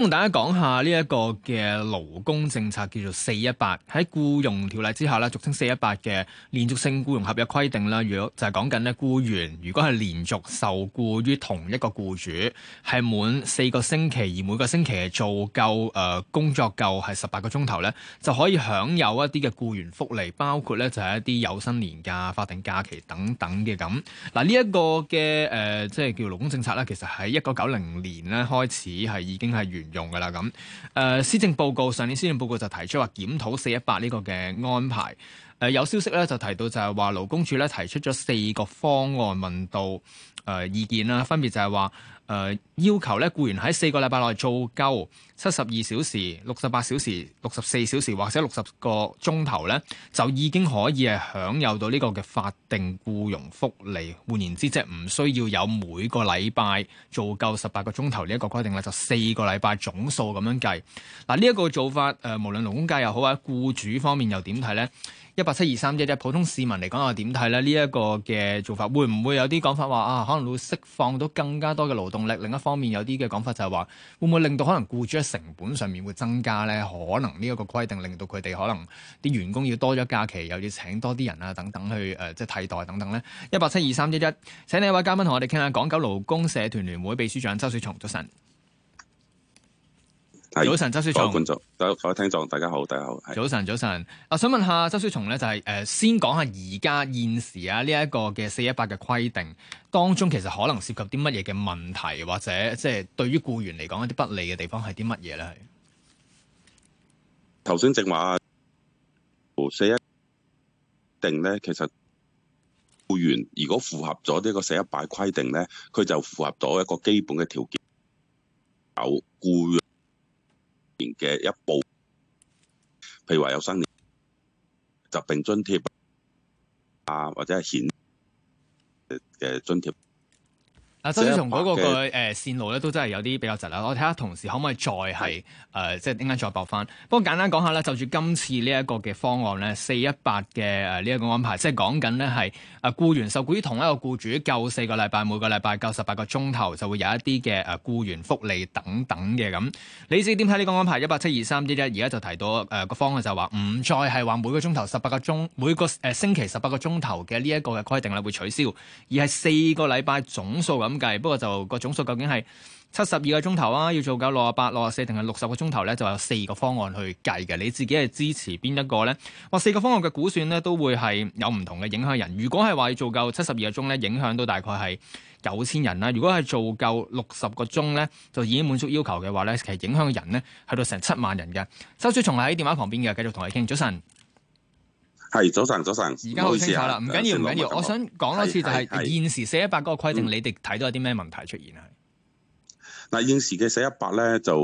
同大家講下呢一個嘅勞工政策叫做四一八，喺僱傭條例之下咧，俗稱四一八嘅連續性僱傭合約規定咧，如果就係講緊咧僱員如果係連續受僱於同一個僱主係滿四個星期，而每個星期係做夠誒、呃、工作夠係十八個鐘頭咧，就可以享有一啲嘅僱員福利，包括咧就係一啲有薪年假、法定假期等等嘅咁。嗱呢一個嘅誒即係叫勞工政策咧，其實喺一九九零年咧開始係已經係完用噶啦咁，誒，施政報告，上年施政報告就提出話檢討四一八呢個嘅安排。誒有消息咧，就提到就係話勞工處咧提出咗四個方案問到誒、呃、意見啦，分別就係話誒要求咧僱員喺四個禮拜內做夠七十二小時、六十八小時、六十四小時或者六十個鐘頭咧，就已經可以係享有到呢個嘅法定僱傭福利。換言之，即係唔需要有每個禮拜做夠十八個鐘頭呢一個規定啦，就四個禮拜總數咁樣計嗱。呢、呃、一、呢個做法誒、呃，無論勞工界又好啊，或者僱主方面又點睇咧？一八七二三一一，普通市民嚟講又點睇呢？呢、這、一個嘅做法會唔會有啲講法話啊？可能會釋放到更加多嘅勞動力。另一方面有啲嘅講法就係話會唔會令到可能僱主喺成本上面會增加呢？可能呢一個規定令到佢哋可能啲員工要多咗假期，又要請多啲人啊，等等去誒、呃、即係替代等等呢。一八七二三一一，請呢一位嘉賓同我哋傾下港九勞工社團聯會秘書長周小松早晨。早晨，周小松。各位觀眾，各位聽眾，大家好，大家好。早晨，早晨。啊，想問下周小松咧，就係、是、誒、呃，先講下而家現時啊呢一、這個嘅四一八嘅規定當中，其實可能涉及啲乜嘢嘅問題，或者即係、就是、對於僱員嚟講一啲不利嘅地方係啲乜嘢咧？係頭先正話四一定咧，其實僱員如果符合咗呢個四一八規定咧，佢就符合咗一個基本嘅條件有僱員。嘅一部，譬如話有生年疾病津貼啊，或者係險嘅津貼。嗱，周先生嗰個嘅、呃、線路咧，都真係有啲比較窒啦。我睇下同事可唔可以再係誒、嗯呃，即係點解再駁翻？不過簡單講下咧，就住今次呢一個嘅方案咧，四一八嘅誒呢一個安排，即係講緊呢係誒僱員受雇於同一個僱主夠四個禮拜，每個禮拜夠十八個鐘頭，就會有一啲嘅誒僱員福利等等嘅咁。你自己點睇呢個安排？一八七二三一一，而家就提到誒、呃、個方案就話唔再係話每個鐘頭十八個鐘每個誒、呃、星期十八個鐘頭嘅呢一個嘅規定啦，會取消，而係四個禮拜總數咁計不過就個總數究竟係七十二個鐘頭啊，要做夠六十八六十四定係六十個鐘頭呢？就有四個方案去計嘅。你自己係支持邊一個呢？或四個方案嘅估算呢，都會係有唔同嘅影響人。如果係話要做夠七十二個鐘呢，影響到大概係九千人啦。如果係做夠六十個鐘呢，就已經滿足要求嘅話呢，其實影響人呢，去到成七萬人嘅。周小松喺電話旁邊嘅，繼續同你傾早晨。係早晨，早晨。而家好清楚啦，唔緊要，唔緊要。我想講多次，就係現時四一八嗰個規定，你哋睇到有啲咩問題出現啊？嗯嗱，現時嘅418咧，就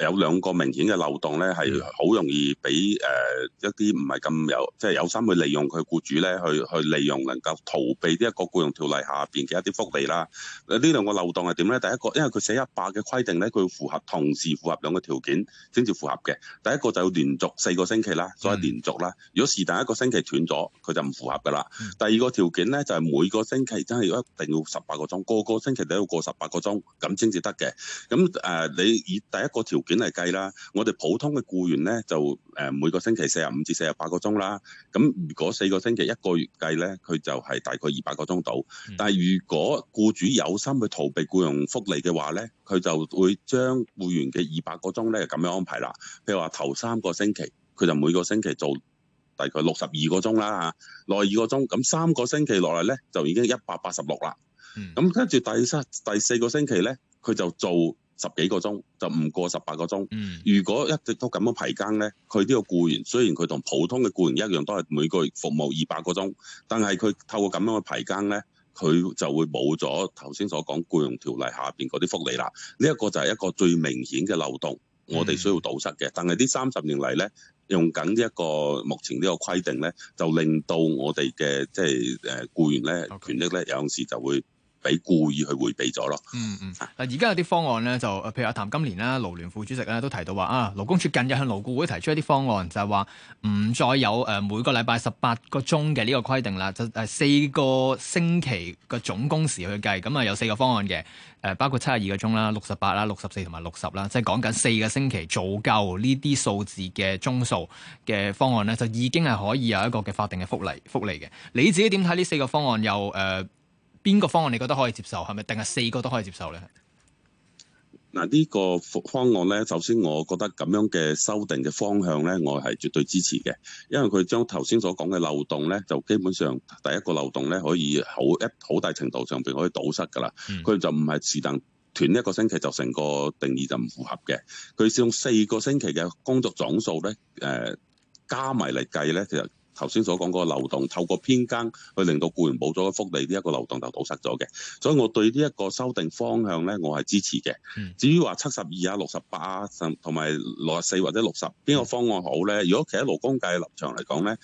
有兩個明顯嘅漏洞咧，係好容易俾誒、呃、一啲唔係咁有即係、就是、有心去利用佢僱主咧，去去利用能夠逃避呢一個僱傭條例下邊嘅一啲福利啦。呢兩個漏洞係點咧？第一個，因為佢418嘅規定咧，佢要符合同時符合兩個條件先至符合嘅。第一個就要連續四個星期啦，所以連續啦。如果是但一個星期斷咗，佢就唔符合噶啦。第二個條件咧就係、是、每個星期真係一定要十八個鐘，個個星期都要過十八個鐘咁先至得嘅。咁誒，你以第一個條件嚟計啦，我哋普通嘅雇員咧就誒每個星期四十五至四十八個鐘啦。咁如果四個星期一個月計咧，佢就係大概二百個鐘度。但係如果僱主有心去逃避僱傭福利嘅話咧，佢就會將雇員嘅二百個鐘咧咁樣安排啦。譬如話頭三個星期，佢就每個星期做大概六十二個鐘啦嚇，內二個鐘，咁三個星期落嚟咧就已經一百八十六啦。嗯。咁跟住第三、第四個星期咧。佢就做十幾個鐘，就唔過十八個鐘。嗯、如果一直都咁樣排更呢，佢呢個雇員雖然佢同普通嘅雇員一樣，都係每個月服務二百個鐘，但係佢透過咁樣嘅排更呢，佢就會冇咗頭先所講雇傭條例下邊嗰啲福利啦。呢、這、一個就係一個最明顯嘅漏洞，嗯、我哋需要堵塞嘅。但係呢三十年嚟呢，用緊呢一個目前呢個規定呢，就令到我哋嘅即係誒僱員呢權益呢，有時就會。俾故意去迴避咗咯、嗯。嗯嗯，嗱，而家有啲方案咧，就譬如阿譚金蓮啦，勞聯副主席咧，都提到話啊，勞工處近日向勞顧會提出一啲方案，就話、是、唔再有誒、呃、每個禮拜十八個鐘嘅呢個規定啦，就係、是、四個星期嘅總工時去計。咁啊，有四個方案嘅，誒、呃，包括七十二個鐘啦、六十八啦、六十四同埋六十啦，即係講緊四個星期做夠呢啲數字嘅鐘數嘅方案咧，就已經係可以有一個嘅法定嘅福利福利嘅。你自己點睇呢四個方案？又、呃、誒？邊個方案你覺得可以接受？係咪？定係四個都可以接受呢？嗱，呢個方案呢，首先我覺得咁樣嘅修訂嘅方向呢，我係絕對支持嘅，因為佢將頭先所講嘅漏洞呢，就基本上第一個漏洞呢，可以好一好大程度上邊可以堵塞噶啦。佢、嗯、就唔係是但斷一個星期就成個定義就唔符合嘅。佢用四個星期嘅工作總數呢，呃、加埋嚟計呢，其實。頭先所講嗰個漏洞，透過編更去令到雇員冇咗福利，呢、這個、一個漏洞就堵塞咗嘅。所以我對呢一個修訂方向呢，我係支持嘅。至於話七十二啊、六十八啊，同埋六十四或者六十，邊個方案好呢？如果企喺勞工界立場嚟講呢，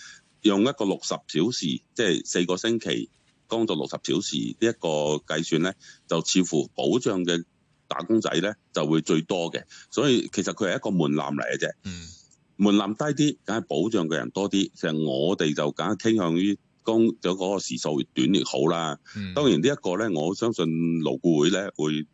用一個六十小時，即係四個星期工作六十小時呢一個計算呢，就似乎保障嘅打工仔呢就會最多嘅。所以其實佢係一個門檻嚟嘅啫。嗯。 門檻低啲，梗係保障嘅人多啲。其實我哋就梗係傾向於工，咗嗰個時數越短越好啦。嗯、當然呢一個咧，我相信勞顧會咧會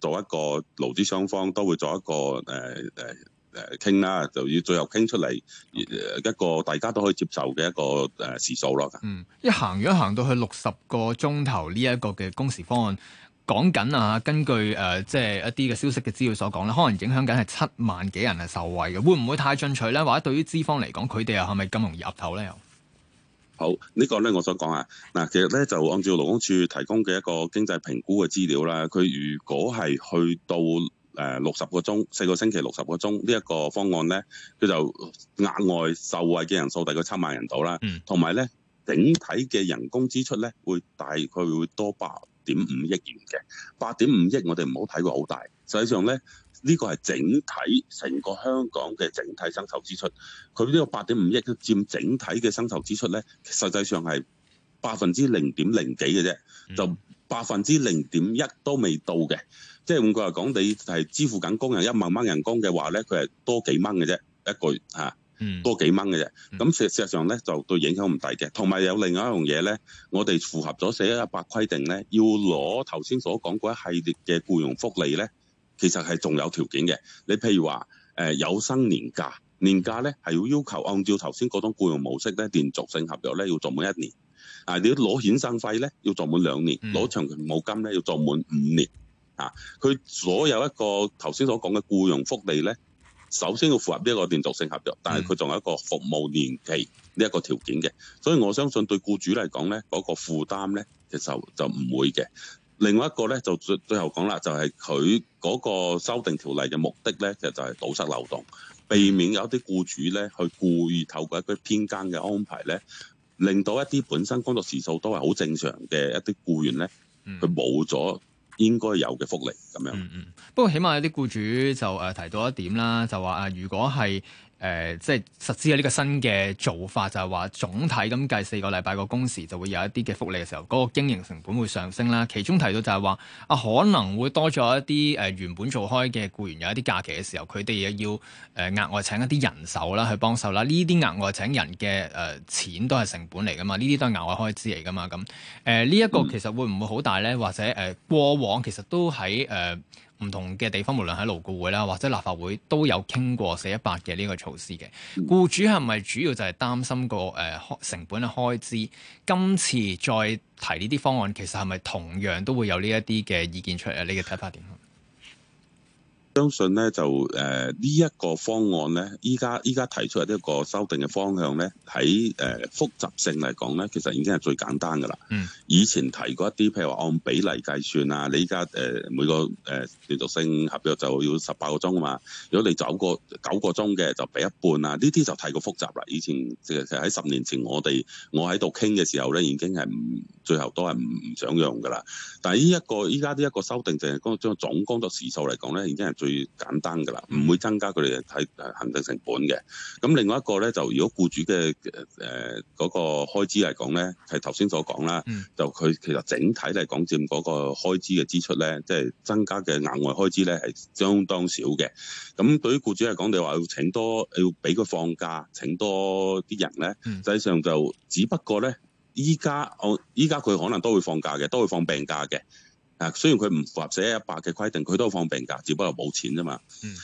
做一個勞資雙方都會做一個誒誒誒傾啦，就要最後傾出嚟 Okay. 一個大家都可以接受嘅一個誒時數咯。嗯，一行如果行到去六十個鐘頭呢一個嘅工時方案。講緊啊，根據誒即係一啲嘅消息嘅資料所講咧，可能影響緊係七萬幾人係受惠嘅，會唔會太進取咧？或者對於資方嚟講，佢哋又係咪咁容易岌頭咧？好，這個，呢個咧我想講啊，嗱，其實咧就按照勞工處提供嘅一個經濟評估嘅資料啦，佢如果係去到誒六十個鐘，四個星期六十個鐘呢一個方案咧，佢就額外受惠嘅人數大概七萬人度啦，同埋咧整體嘅人工支出咧會大概會多百點五億元嘅八點五億，億我哋唔好睇過好大。實際上咧，呢、這個係整體成個香港嘅整體薪酬支出，佢呢個八點五億都佔整體嘅薪酬支出咧，實際上係百分之零點零幾嘅啫，就百分之零點一都未到嘅。即係換句話講，你係支付緊工人一萬蚊人工嘅話咧，佢係多幾蚊嘅啫，一個月嚇。啊多幾蚊嘅啫，咁事實上咧就對影響唔大嘅。同埋有另外一樣嘢咧，我哋符合咗四一八規定咧，要攞頭先所講嗰一系列嘅僱傭福利咧，其實係仲有條件嘅。你譬如話誒、呃、有薪年假，年假咧係要要求按照頭先嗰種僱傭模式咧，連續性合約咧要做滿一年。啊，你要攞遣散費咧要做滿兩年，攞、嗯、長期服務金咧要做滿五年。啊，佢所有一個頭先所講嘅僱傭福利咧。首先要符合呢一個連續性合約，但係佢仲有一個服務年期呢一個條件嘅，所以我相信對僱主嚟講咧，嗰個負擔咧，其實就唔會嘅。另外一個咧，就最最後講啦，就係佢嗰個修訂條例嘅目的咧，其實就係堵塞漏洞，避免有一啲僱主咧去故意透過一啲偏間嘅安排咧，令到一啲本身工作時數都係好正常嘅一啲僱員咧，佢冇咗。應該有嘅福利咁樣。嗯嗯，不過起碼有啲僱主就誒、呃、提到一點啦，就話啊、呃，如果係。誒、呃，即係實施咗呢個新嘅做法，就係、是、話總體咁計四個禮拜個工時就會有一啲嘅福利嘅時候，嗰、那個經營成本會上升啦。其中提到就係話啊，可能會多咗一啲誒、呃、原本做開嘅僱員有一啲假期嘅時候，佢哋要誒、呃、額外請一啲人手啦去幫手啦。呢啲額外請人嘅誒、呃、錢都係成本嚟㗎嘛，呢啲都係額外開支嚟㗎嘛。咁誒呢一個其實會唔會好大呢？或者誒、呃、過往其實都喺誒。呃唔同嘅地方，無論喺勞顧會啦，或者立法會都有傾過四一八嘅呢個措施嘅。僱主係咪主要就係擔心個誒、呃、成本嘅開支？今次再提呢啲方案，其實係咪同樣都會有呢一啲嘅意見出嚟啊？你嘅睇法點？相信咧，就誒呢一個方案咧，依家依家提出嚟呢一個修訂嘅方向咧，喺誒、呃、複雜性嚟講咧，其實已經係最簡單噶啦嗯，以前提過一啲，譬如話按比例計算啊，你依家誒每個誒、呃、連續性合約就要十八個鐘啊嘛。如果你走過個九個鐘嘅，就俾一半啊，呢啲就太過複雜啦。以前即係喺十年前我哋我喺度傾嘅時候咧，已經係唔最後都係唔想用噶啦但係呢一個依家呢一個修訂，淨係將總工作時數嚟講咧，已經係。最簡單㗎喇，唔、嗯、會增加佢哋嘅行政成本嘅。咁另外一個呢，就如果僱主嘅誒嗰個開支嚟講呢，係頭先所講啦，嗯、就佢其實整體嚟講佔嗰個開支嘅支出呢，即、就、係、是、增加嘅額外開支呢，係相當少嘅。咁對於僱主嚟講，你話要請多，要俾佢放假，請多啲人呢，實際、嗯、上就只不過呢，依家我依家佢可能都會放假嘅，都會放病假嘅。啊，雖然佢唔符合418嘅規定，佢都放病假，只不過冇錢啫嘛。嗯、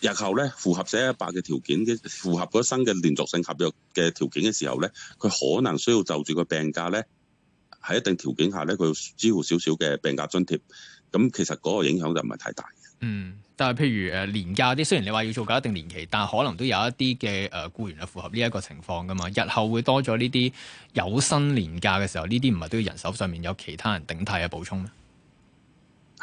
日後咧符合418嘅條件，嘅符合咗新嘅連續性合約嘅條件嘅時候咧，佢可能需要就住個病假咧，喺一定條件下咧，佢要支付少少嘅病假津貼。咁其實嗰個影響就唔係太大嘅。嗯，但係譬如誒年假啲，雖然你話要做夠一定年期，但係可能都有一啲嘅誒僱員係符合呢一個情況噶嘛。日後會多咗呢啲有薪年假嘅時候，呢啲唔係都要人手上面有其他人頂替嘅補充咩？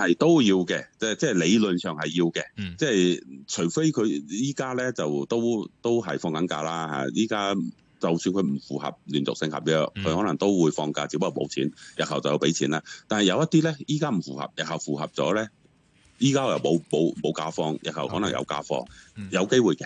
係都要嘅，即係、嗯、即係理論上係要嘅，即係除非佢依家咧就都都係放緊假啦吓，依家就算佢唔符合連續性合約，佢、嗯、可能都會放假，只不過冇錢，日後就要俾錢啦。但係有一啲咧，依家唔符合，日後符合咗咧，依家又冇冇冇假放，日後可能有假放，嗯、有機會嘅。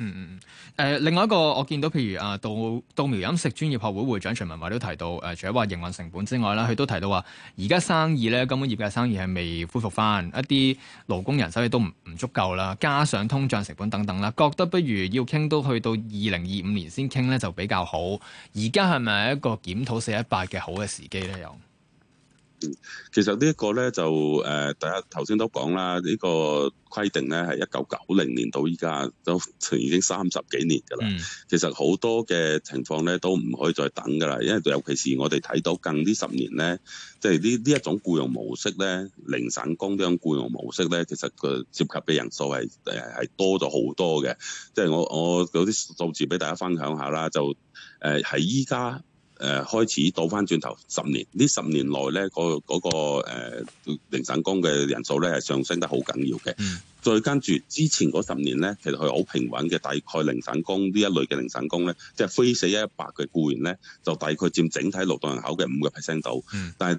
嗯嗯嗯，誒、呃、另外一個我見到，譬如啊，稻稻苗飲食專業學會會長徐文華都提到，誒、呃、除咗話營運成本之外啦，佢都提到話，而家生意咧，根本業界生意係未恢復翻，一啲勞工人手亦都唔唔足夠啦，加上通脹成本等等啦，覺得不如要傾都去到二零二五年先傾咧就比較好。而家係咪一個檢討四一八嘅好嘅時機咧？又？其實呢一個咧就誒，大家頭先都講啦，呢、呢個規定咧係一九九零年到依家都已經三十幾年㗎啦。嗯、其實好多嘅情況咧都唔可以再等㗎啦，因為尤其是我哋睇到近呢十年咧，即係呢呢一種僱用模式咧，零散工呢種僱用模式咧，其實佢涉及嘅人數係誒係多咗好多嘅。即、就、係、是、我我有啲數字俾大家分享下啦，就誒喺依家，呃在誒、呃、開始倒翻轉頭十年，呢十年內咧，那個嗰個、呃、零散工嘅人數咧係上升得好緊要嘅。Mm. 再跟住之前嗰十年咧，其實佢好平穩嘅，大概零散工呢一類嘅零散工咧，即係非四一八嘅僱員咧，就大概佔整體勞動人口嘅五個 percent 度，mm. 但係，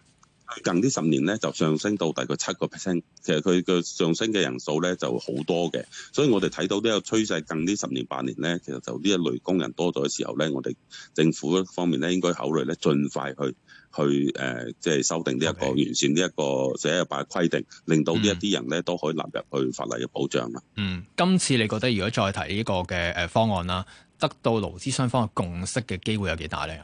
近呢十年咧，就上升到大概七個 percent。其實，佢嘅上升嘅人數咧就好多嘅，所以我哋睇到呢個趨勢，近呢十年八年咧，其實就呢一類工人多咗嘅時候咧，我哋政府方面咧應該考慮咧，盡快去去誒，即、呃、係、就是、修訂呢、這、一個 Okay. 完善呢一個四一八嘅規定，令到呢一啲人咧都可以納入去法例嘅保障啦。嗯，今次你覺得如果再提呢個嘅誒方案啦，得到勞資雙方嘅共識嘅機會有幾大咧？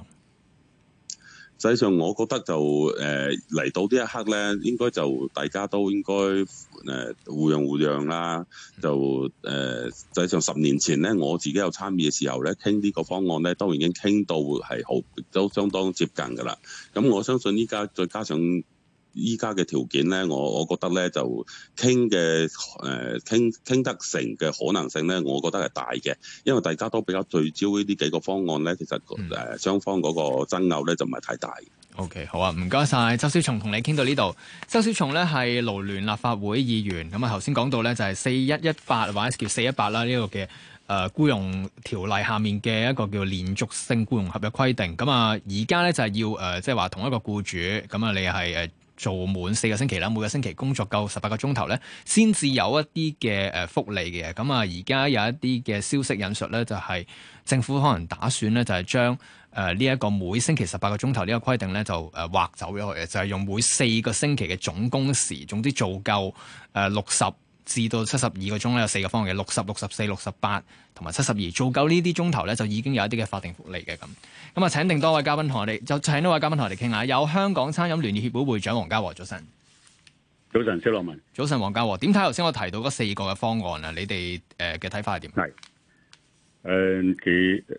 實際上，我覺得就誒嚟、呃、到呢一刻呢，應該就大家都應該誒、呃、互讓互讓啦。就誒、呃、實際上十年前呢，我自己有參與嘅時候呢，傾呢個方案呢，都已經傾到係好都相當接近噶啦。咁我相信呢家再加上，依家嘅條件咧，我我覺得咧就傾嘅誒傾傾得成嘅可能性咧，我覺得係大嘅，因為大家都比較聚焦呢啲幾個方案咧，其實誒、嗯呃、雙方嗰個爭拗咧就唔係太大。OK，好啊，唔該晒。周小松，同你傾到呢度。周小松咧係勞聯立法會議員，咁啊頭先講到咧就係四一一八或者叫四一八啦，呢個嘅誒僱傭條例下面嘅一個叫連續性僱傭合約規定。咁啊而家咧就係、是、要誒即係話同一個僱主，咁啊你係誒。呃做滿四個星期啦，每個星期工作夠十八個鐘頭咧，先至有一啲嘅誒福利嘅。咁啊，而家有一啲嘅消息引述咧，就係政府可能打算咧，就係將誒呢一個每星期十八個鐘頭呢個規定咧，就誒劃走咗，就係用每四個星期嘅總工時，總之做夠誒六十，至到七十二個鐘咧，有四個方案嘅，六十六十四六十八同埋七十二，做夠呢啲鐘頭咧，就已經有一啲嘅法定福利嘅。咁，咁啊，請定多位嘉賓同我哋，就請多位嘉賓同我哋傾下，有香港餐飲聯業協會會長黃家和，早晨，早晨肖羅文，早晨。黃家和，點睇頭先我提到嗰四個嘅方案啊？你哋誒嘅睇法係點？係誒、呃、其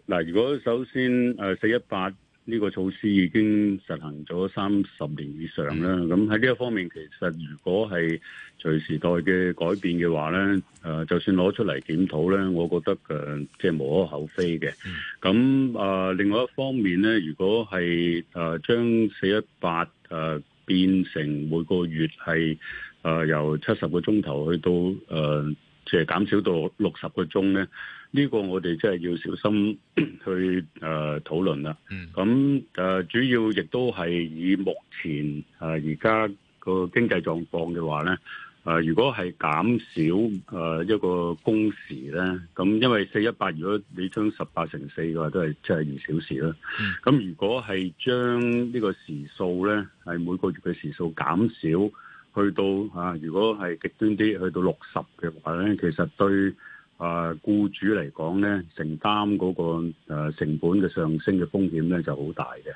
嗱、呃，如果首先誒四一八。呃呢個措施已經實行咗三十年以上啦。咁喺呢一方面，其實如果係隨時代嘅改變嘅話呢誒、呃、就算攞出嚟檢討呢，我覺得誒、呃、即係無可厚非嘅。咁啊、呃，另外一方面呢，如果係誒將四一八誒變成每個月係誒、呃、由七十個鐘頭去到誒、呃、即係減少到六十個鐘呢。呢個我哋真係要小心 去誒、呃、討論啦。咁誒、呃、主要亦都係以目前誒而家個經濟狀況嘅話咧，誒、呃、如果係減少誒、呃、一個工時咧，咁因為四一八如果你將十八乘四嘅話都係七十二小時啦。咁、嗯、如果係將呢個時數咧，係每個月嘅時數減少去到啊，如果係極端啲去到六十嘅話咧，其實對。啊、呃，雇主嚟講咧，承擔嗰、那個誒、呃、成本嘅上升嘅風險咧就好大嘅。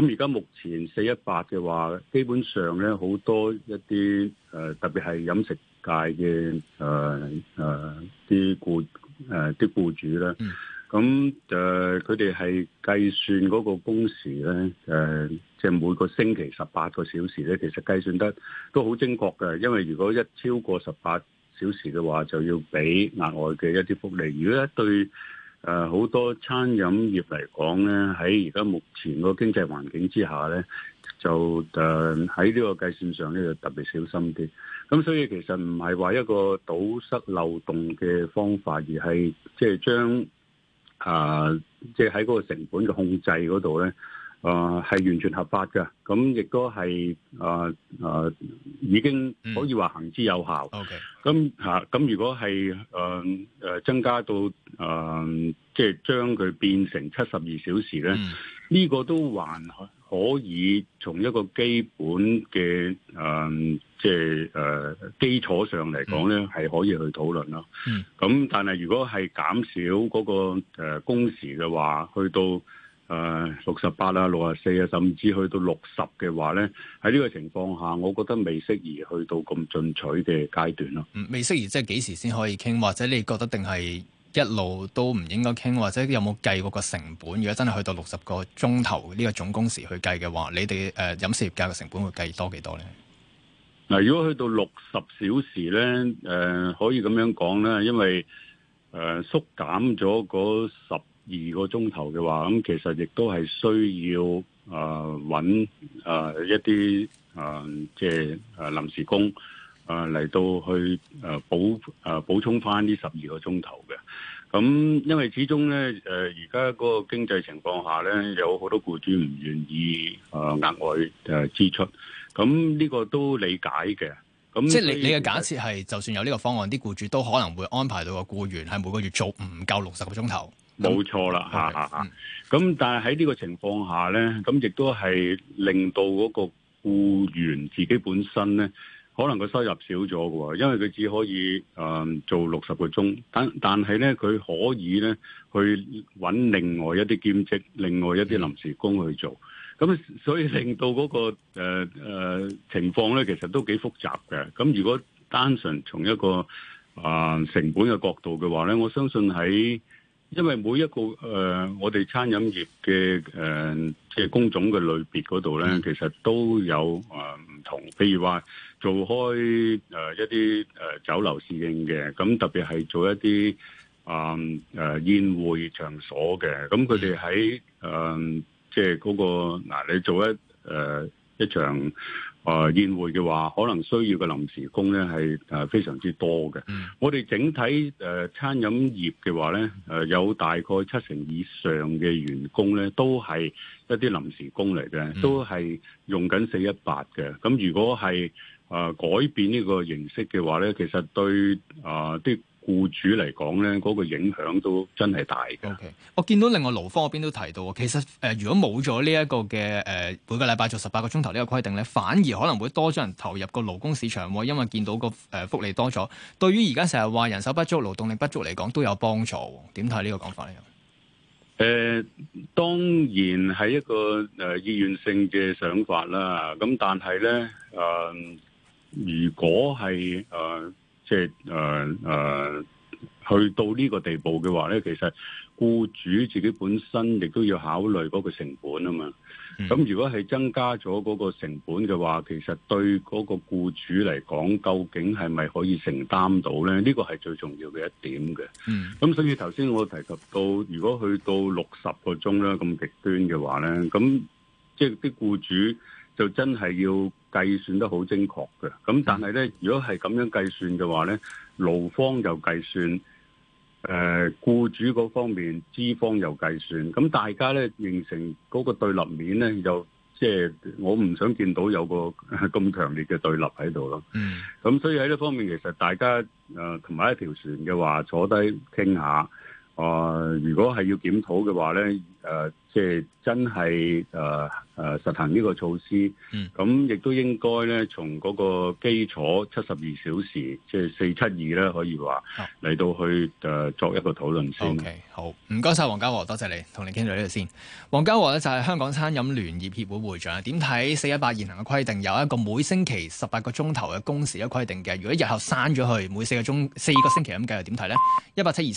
咁而家目前四一八嘅話，基本上咧好多一啲誒、呃、特別係飲食界嘅誒誒啲雇誒啲、呃、雇主咧，咁誒佢哋係計算嗰個工時咧，誒即係每個星期十八個小時咧，其實計算得都好精確嘅，因為如果一超過十八。小時嘅話就要俾額外嘅一啲福利。如果對誒好多餐飲業嚟講呢，喺而家目前個經濟環境之下呢，就誒喺呢個計算上呢就特別小心啲。咁所以其實唔係話一個堵塞漏洞嘅方法，而係即係將誒即係喺嗰個成本嘅控制嗰度呢。啊，係、呃、完全合法嘅，咁亦都係啊啊，已經可以話行之有效。咁、嗯 okay. 啊，咁如果係誒誒增加到誒、呃，即係將佢變成七十二小時咧，呢、嗯、個都還可以從一個基本嘅啊、呃，即係誒、呃、基礎上嚟講咧，係、嗯、可以去討論咯。咁、嗯、但係如果係減少嗰個誒工時嘅話，去到誒，六十八啦，六十四啊，甚至去到六十嘅話呢，喺呢個情況下，我覺得未適宜去到咁進取嘅階段咯、嗯。未適宜即係幾時先可以傾？或者你覺得定係一路都唔應該傾？或者有冇計過個成本？如果真係去到六十個鐘頭呢個總工時去計嘅話，你哋誒飲食業界嘅成本會計多幾多呢？嗱，如果去到六十小時呢，誒、呃，可以咁樣講呢，因為誒、呃、縮減咗嗰十。二個鐘頭嘅話，咁其實亦都係需要啊揾啊一啲啊、呃、即係啊、呃、臨時工啊嚟、呃、到去啊補啊、呃、補充返呢十二個鐘頭嘅。咁、嗯、因為始終咧誒而家嗰個經濟情況下咧，有好多僱主唔願意啊、呃、額外誒支出。咁、嗯、呢、呢個都理解嘅。咁、嗯、即係是以你你嘅假設係，就算有呢個方案，啲僱主都可能會安排到個僱員喺每個月做唔夠六十個鐘頭。冇錯啦，吓吓吓！咁、嗯嗯、但係喺呢個情況下呢，咁亦都係令到嗰個僱員自己本身呢，可能個收入少咗嘅，因為佢只可以誒、呃、做六十個鐘。但但係呢，佢可以呢去揾另外一啲兼職、另外一啲臨時工去做。咁、嗯、所以令到嗰、那個誒誒、呃呃、情況呢，其實都幾複雜嘅。咁如果單純從一個誒、呃、成本嘅角度嘅話呢，我相信喺因為每一個誒、呃，我哋餐飲業嘅誒，即、呃、係、就是、工種嘅類別嗰度咧，其實都有誒唔、呃、同。譬如話做開誒、呃、一啲誒、呃、酒樓侍應嘅，咁特別係做一啲誒誒宴會場所嘅，咁佢哋喺誒即係嗰個嗱、呃，你做一誒、呃、一場。誒、呃、宴會嘅話，可能需要嘅臨時工咧係誒非常之多嘅。 我哋整體誒、呃、餐飲業嘅話咧，誒、呃、有大概七成以上嘅員工咧，都係一啲臨時工嚟嘅，都係用緊四一八嘅。咁、呃、如果係誒、呃、改變呢個形式嘅話咧，其實對誒啲。呃雇主嚟講咧，嗰個影響都真係大嘅 OK，我見到另外勞方嗰邊都提到，其實誒、呃，如果冇咗呢一個嘅誒、呃，每個禮拜做十八個鐘頭呢個規定咧，反而可能會多咗人投入個勞工市場，因為見到、個誒、呃、福利多咗。對於而家成日話人手不足、勞動力不足嚟講，都有幫助。點睇呢個講法咧？誒、呃，當然係一個誒、呃、意願性嘅想法啦。咁但係咧誒，如果係誒。呃即係誒誒，去到呢個地步嘅話咧，其實僱主自己本身亦都要考慮嗰個成本啊嘛。咁如果係增加咗嗰個成本嘅話，其實對嗰個僱主嚟講，究竟係咪可以承擔到咧？呢個係最重要嘅一點嘅。咁、嗯、所以頭先我提及到，如果去到六十個鐘啦咁極端嘅話咧，咁即係啲僱主。就真係要計算得好精確嘅，咁但係呢，如果係咁樣計算嘅話呢，勞方又計算，誒、呃、僱主嗰方面，資方又計算，咁大家呢，形成嗰個對立面呢，又即係我唔想見到有個咁 強烈嘅對立喺度咯。嗯，咁所以喺呢方面，其實大家誒同埋一條船嘅話，坐低傾下談談談。啊、呃，如果係要檢討嘅話咧，誒、呃，即係真係誒誒實行呢個措施，咁亦都應該咧，從嗰個基礎七十二小時，即係四七二咧，可以話嚟到去誒、呃、作一個討論先。哦、okay，好唔該晒，黃家和多謝你同你傾到呢度先。黃家和咧就係香港餐飲聯業協會會、會長，點睇四一八現行嘅規定有一個每星期十八個鐘頭嘅工時嘅規定嘅？如果日後刪咗去每四個鐘四個星期咁計，又點睇咧？一八七二。